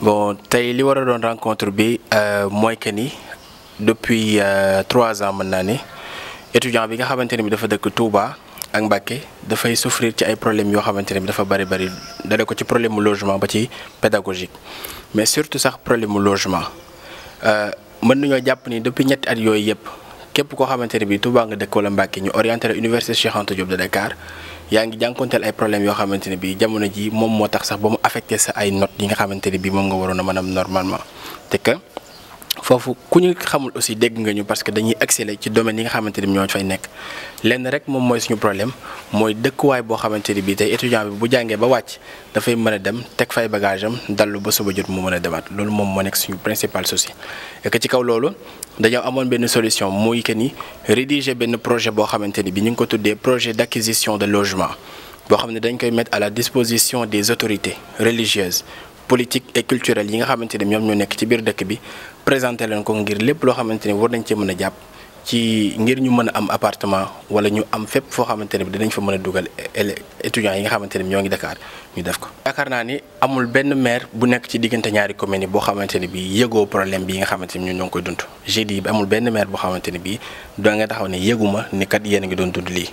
bon tey li war a doon rencontre bi euh, mooy que ni depuis euh, trois ans mën naa ne étudiant bi nga xamante ne bi dafa dëkk Touba ak Mbacké dafay souffrir ci ay problèmes yoo xamante ne bi dafa bari bari dale ko ci problème mu logement ba ci pédagogique mais surtout sax problème mu logement euh, mën nañoo jàpp ni depuis ñetti at yooyu yëpp képp koo xamante ne bi Touba nga dëkk wala Mbacké ñu orienté la université Cheikh Anta Diop de Dakar. yaa ngi jànkonteel ay problème yoo xamante ne bi jamono ji moom moo tax sax ba mu affecté sa ay notes yi nga xamante ne bi moom nga waroon a mën a normalement te que foofu ku ñu xamul aussi dégg nga ñu parce que dañuy accéléré ci domaine yi nga xamante ni ñoo fay nekk lenn rek moom mooy suñu problème mooy dëkkuwaay boo xamante ni bii tey étudiant bi bu jàngee ba wàcc dafay mën a dem teg fay bagage am dallu ba suba jot mu mën a demaat loolu moom moo nekk suñu principal souci et que ci kaw loolu dañoo amoon benn solution mooy que ni rédiger benn projet boo xamante ni bi ñu ngi ko tuddee projet d'acquisition de logement boo xam ne koy mettre la disposition des autorités religieuses politique et culturelle yi nga xamante ne ñoom ñoo nekk ci biir dëkk bi présenté leen ko ngir lépp loo xamante ne war nañ cee mën a jàpp ci ngir ñu mën a am appartement wala ñu am fépp foo xamante ne dinañ fa mën a dugal étudiants yi nga xamante ne ñoo ngi Dakar ñu def ko. yaakaar naa ni amul benn maire bu nekk ci diggante ñaari communes yi boo xamante ne bii yëgoo problème bii nga xamante ne ñun ñoo koy dund j'ai dit amul benn maire boo ne bii doo nga taxaw ne yëguma ni kat yéen ngi doon dund lii.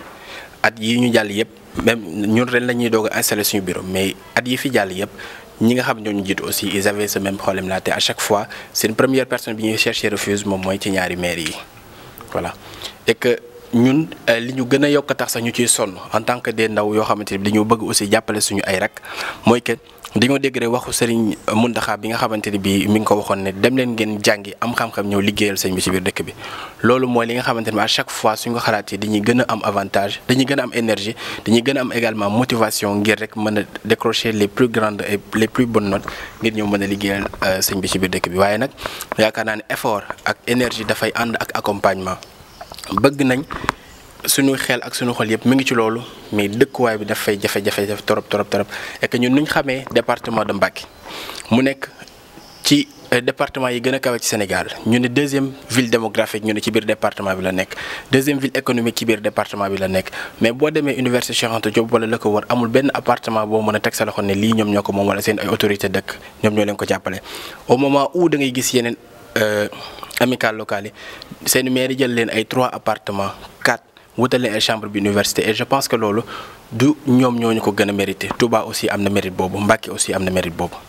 at yi ñu jàll yëpp même ñun ren la ñuy doog a suñu biroom mais at yi fi jàll yëpp. ñi nga xam ñoo ñu jiitu aussi ils avaient ce même problème là te à chaque fois seen première personne bi ñuy chercher refuge moom mooy ci ñaari maires yi voilà et que ñun euh, li ñu gën a yokk tax sax ñu ciy sonn en tant que des ndaw yoo xamante ni li ñu bëgg aussi jàppale suñu ay rak mooy que dañoo dégg rek waxu Serigne Mountakha bi nga xamante ne bii mi ngi ko waxoon ne dem leen ngeen jàngi am xam-xam ñëw liggéeyal sëñ bi ci biir dëkk bi loolu mooy li nga xamante ne à chaque fois suñ ko xalaatee dañuy gën am avantage dañuy gën am énergie dañuy gën am également motivation ngir rek mën a décrocher les plus grandes et les plus bonnes notes ngir ñëw mën a liggéeyal euh, sëñ bi ci biir dëkk bi waaye nag yaakaar naa ne effort ak énergie dafay ànd ak accompagnement bëgg nañ suñu xel ak suñu xol yëpp mu ngi ci loolu mais dëkkuwaay bi dafay jafe-jafe torop torop torop et que ñun ñu xamee département de Mbacké mu nekk ci euh, département yi gën a kawee ci Sénégal ñu ne deuxième ville démographique ñu ne ci biir département bi la nekk deuxième ville économique ci biir département bi la nekk mais boo demee université Cheikh Anta wala la ko wër amul benn apartement boo mën a teg sa loxo ne lii ñoom ñoo ko moom wala seen ay autorité dëkk ñoom ñoo leen ko jàppale au moment où da ngay gis yeneen euh, amicale locale yi seen maire jël leen ay trois appartement quatre wutale ay chambre bi université et je pense que loolu du ñoom ñoo ñu ko gën a mérité Touba aussi am na mérite boobu mbakki aussi am na mérite boobu.